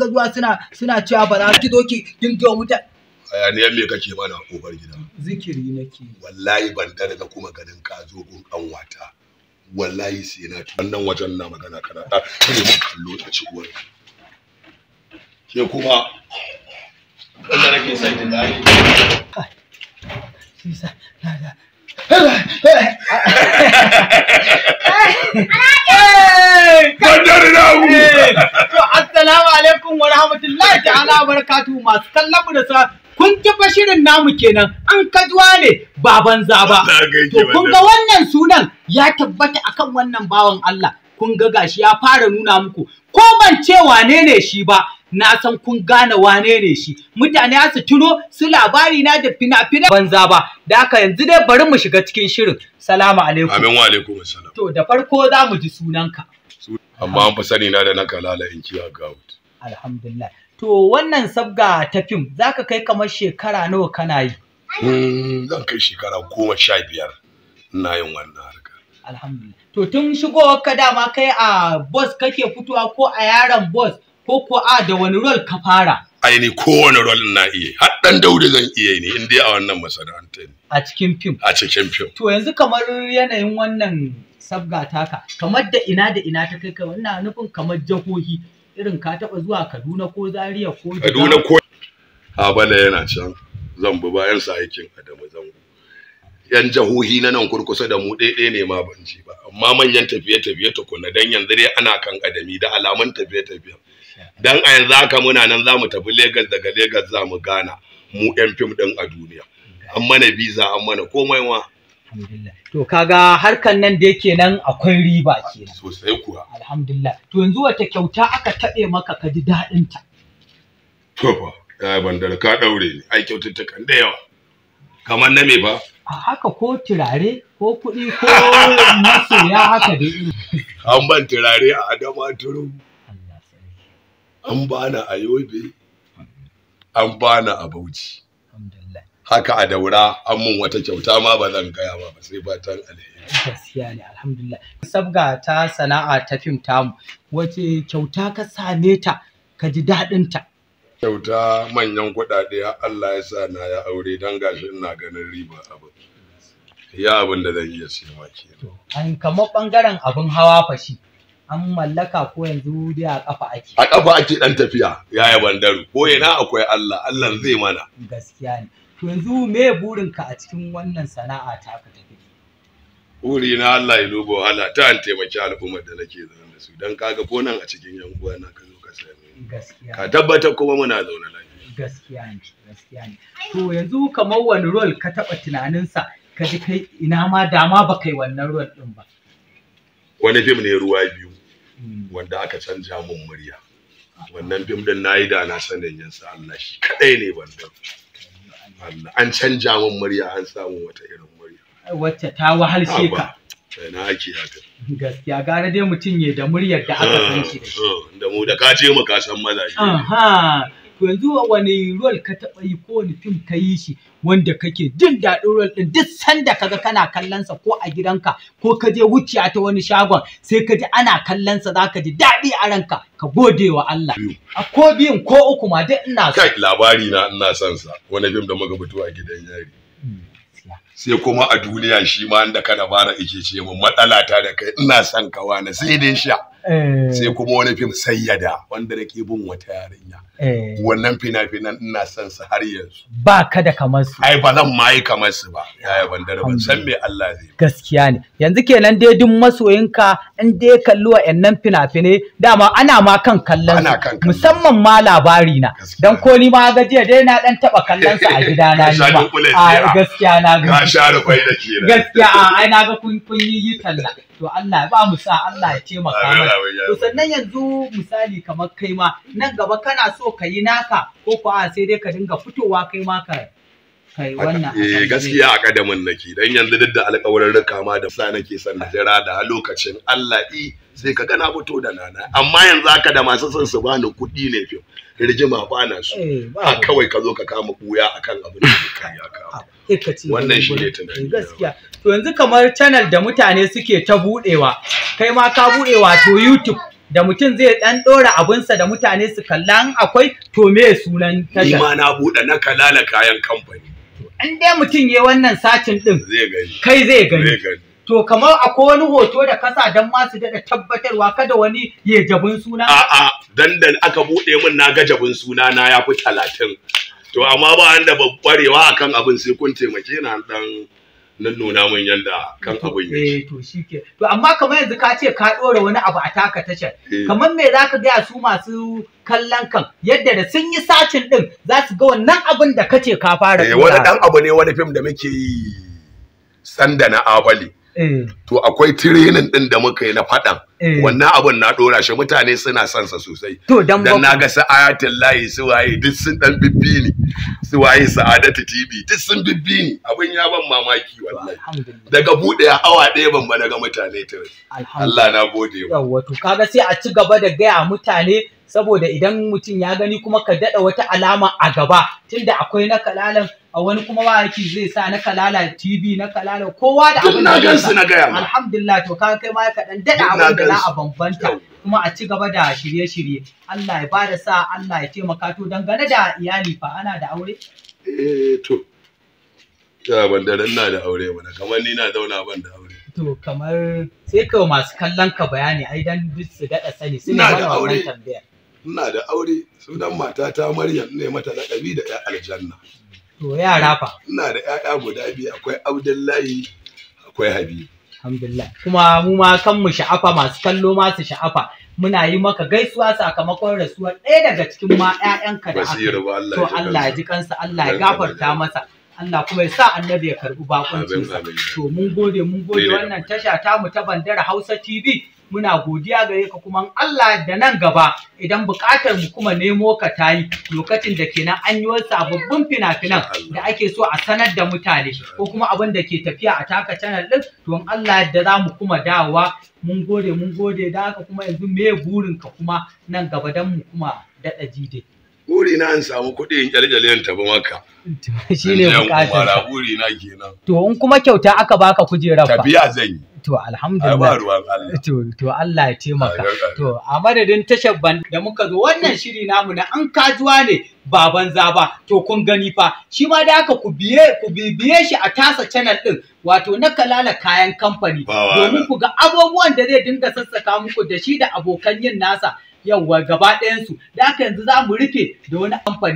ga zuwa suna suna cewa ba za ki zo ki dinga mutan hayaniyar me kake mana kofar gida zikiri nake wallahi ban da daga kuma ganin ka zo gun wallahi sai na ci wannan wajen na magana kana ta kare kallo ta ci uwar ke kuma wanda nake sai da dai sisa na da Bandar na masu kallon mu da sa kun ji shirin namu kenan an kaduwa ne ba banza ba to kun ga wannan sunan ya tabbata akan wannan bawan Allah kun ga gashi ya fara nuna muku ko ban ce wane ne shi ba na san kun gane wane ne shi mutane su tuno su labari na da fina-finan banza ba da haka yanzu dai bari mu shiga cikin shirin salamu alaikum amin wa alaikum assalam to da farko za mu ji sunanka amma an fi sani na da na kalala in kiya gawut alhamdulillah to wannan sabga ta fim za ka kai kamar shekara nawa kana yi hmm, zan kai shekara goma sha biyar na yin wannan harkar alhamdulillah to tun shigowar ka dama kai a bus kake fitowa ko a yaron bus ko ko a da wani rol ka fara aini kowane rol na iya Haɗɗan daure zan iya ne in dai a wannan masana'anta ne a cikin fim a cikin fim to yanzu kamar yanayin wannan sabga taka kamar da ina da ina ta kai kai wannan nufin kamar jahohi irin ka taɓa zuwa kaduna ko zaria ko kaduna ko bala yana can zan bi bayan sa aikin adamu zango yan jahohi na nan kurkusa da mu ɗaiɗai ne ma ban ji ba amma manyan tafiye-tafiye ta tukuna dan yanzu dai ana kan adami da alaman tafiye-tafiye dan a yanzu haka muna nan za mu tafi Legas daga Legas za mu gana mu yan fim ɗin a duniya an mana biza an mana komai ma alhamdulillah to kaga harkan nan da yake nan akwai riba ke sosai kuwa alhamdulillah to yanzu wata kyauta aka taɓe maka ka ji daɗin ta to fa ya bandar ka daure ni ai kyaututtukan da yawa kamar na me ba a haka ko turare ko kuɗi ko masoya haka da iri. an ban turare a adama turu an bana a yobe an bana a bauchi haka a daura an mun wata kyauta ma ba zan gaya ba sai fatan alheri gaskiya ne alhamdulillah sabga ta sana'a ta fim tamu wace kyauta ka same ta ka ji daɗin ta kyauta manyan kuɗaɗe Allah ya sa na ya aure dan gashi ina ganin riba abu ya abin da zan iya siya ma ke an kamar bangaren abin hawa fashi an mallaka ko yanzu dai a kafa ake a kafa ake dan tafiya yaya bandaru ko ina akwai Allah Allah zai mana gaskiya ne to yanzu me ka a cikin wannan sana'a ta ka tafi buri na Allah ya lubo wahala ta an taimaki al'ummar da nake zaune da su dan kaga ko nan a cikin yan uwa na ka zo ka same gaskiya ka tabbata kuma muna zaune lafiya gaskiya ne gaskiya ne to yanzu kamar wani rol ka taba tunanin sa ka ji kai ina ma dama ba kai wannan rol din ba wani fim ne ruwa biyu hmm. wanda aka canja mun murya wannan fim din nayi da na sanin yansa Allah shi kadai ne wannan an canja min murya an samu wata irin murya wacce ta wahalshe ka eh, na ake haka gaskiya gara dai mutum ne da muryar da aka san shi ah, ah, ah, da mu da ka ce mu ka san mazaje to yanzu wani role ka taɓa yi ko wani fim ka yi shi wanda kake jin daɗin role ɗin duk sanda kaga kana kallonsa ko a gidanka ko ka je wuciya ta wani shagon sai ka ji ana kallon sa zaka ji daɗi a ranka ka gode wa Allah a ko biyun ko uku ma duk ina kai labari na ina son sa wani fim da muka fito a gidan yari hmm, sai kuma a duniya shi ma inda kana bara ike ce mun matsala ta da kai ina son ka wani sai dai sha eh. sai kuma wani fim sayyada wanda nake bin wata yarinya Eh. wannan fina-finan ina son su har yanzu ba ka da kamar su ai ba zan ma yi kamar su ba yaya ban dare ban san mai Allah zai gaskiya ne yanzu kenan dai duk masoyinka in dai kalli nan fina-finai dama ana ma kan kallon su musamman ma labari na Don ko ni ma ga jiya dai na dan taba kallon su a gida na ni ma a gaskiya na ga gaskiya ai na ga kun kun yi talla to Allah ba mu sa Allah ya taimaka mana to sannan yanzu misali kamar kai ma nan gaba kana so so ka yi naka ko ko a sai dai ka dinga fitowa kai ma ka kai wannan eh gaskiya a kadamin nake dan yanzu duk da alƙawarurruka ma da sa nake son na jira da lokacin Allah i sai ka gana fito da nana amma yanzu haka da masu son su bani kuɗi ne fi rigima na su eh, a kawai ka zo ka kama buya akan abin da ka ya kama wannan shi ne tunani eh, gaskiya to yanzu kamar channel da mutane suke ta budewa kai ma ka budewa to YouTube da mutum zai dan dora abunsa da mutane su kalla in akwai to me sunan tasha. ni na buɗe na kalala kayan kamfani in dai mutum ya wannan sacin din kai zai gani to kamar akwai wani hoto da kasa dan ma su daɗa tabbatarwa kada wani ya jabin suna a'a dandan aka buɗe mun na ga jabin suna na ya fi talatin to amma ba da babbarewa akan abin sai kun taimake na dan nan nuna mun yanda kan abin yake. Eh, to shi To amma kamar yanzu ka ce ka ɗora wani abu a taka tashar. Eh. Kamar me za ka gaya su masu kallon kan yadda da sun yi sacin ɗin za su ga wannan abin da kace ka fara. Eh wani ɗan abu ne wani fim da muke yi sanda na abali. Eh. to akwai training din da muka yi na faɗan eh. wannan abun na ɗora shi mutane suna son sa sosai dan na ga sa'ayatul layi su waye duk sun dan bibbi ni su waye sa'adatu tv duk sun bibbi ni abun ya ban mamaki wallahi daga bude hawa ɗaya ban ba daga mutane ta Allah na gode yawa to kaga sai a ci gaba da gaya mutane saboda idan mutum ya gani kuma ka daɗa wata alama a gaba tunda akwai na kalalan a wani kuma wayaki zai sa na kalala TV na kalala kowa da abin da ya alhamdulillah to ka kai ma ka dan daɗa abin da za a bambanta kuma a ci gaba da shirye-shirye Allah ya bada sa Allah ya taimaka to dangane da iyali fa ana da aure eh to ya ban da na da aure mana kamar ni na zauna ban da aure to kamar sai ka masu kallon ka bayani ai dan duk su daɗa sani suna ne wannan tambayar ina da aure sunan matata maryam ne mata laƙabi da ya aljanna to ya rafa ina da ƴaƴa guda biyu akwai abdullahi akwai habibu alhamdulillah kuma mu ma kan mu sha'afa masu kallo masu sha'afa muna yi maka gaisuwa sakamakon rasuwar ɗaya daga cikin ma ƴaƴanka da aka to Allah ya ji kansa Allah ya gafarta masa Allah kuma ya sa annabi ya karbi bakuncinsa to mun gode mun gode wannan tasha ta mu ta bandara Hausa TV muna godiya gare ka kuma Allah da nan gaba idan buƙatar mu kuma nemo ka tayi lokacin da kenan an yi wasu sababbin fina-finan da ake so a sanar da mutane ko kuma abin da ke tafiya a taka channel din to Allah da za mu kuma dawowa mun gode mun gode da haka kuma yanzu me burin ka kuma nan gaba dan mu kuma daɗa jide. Buri na an samu kuɗi in ƙyalƙyale in tafi maka. Shi ne buƙatar. Buri na kenan. To in kuma kyauta aka baka kujerar ba. Tafiya zan yi. to alhamdulillah to to Allah ya taimaka to a madadin tashar ban da muka zo wannan shiri namu na an kajuwa ne ba banza to kun gani fa shi ma da aka ku biye ku bibiye shi a tasa channel din wato na kalala kayan kamfani domin ku ga abubuwan da zai dinga sassaka muku da shi da abokan yin nasa yauwa gaba ɗayansu da haka yanzu za mu rufe da wani kamfani.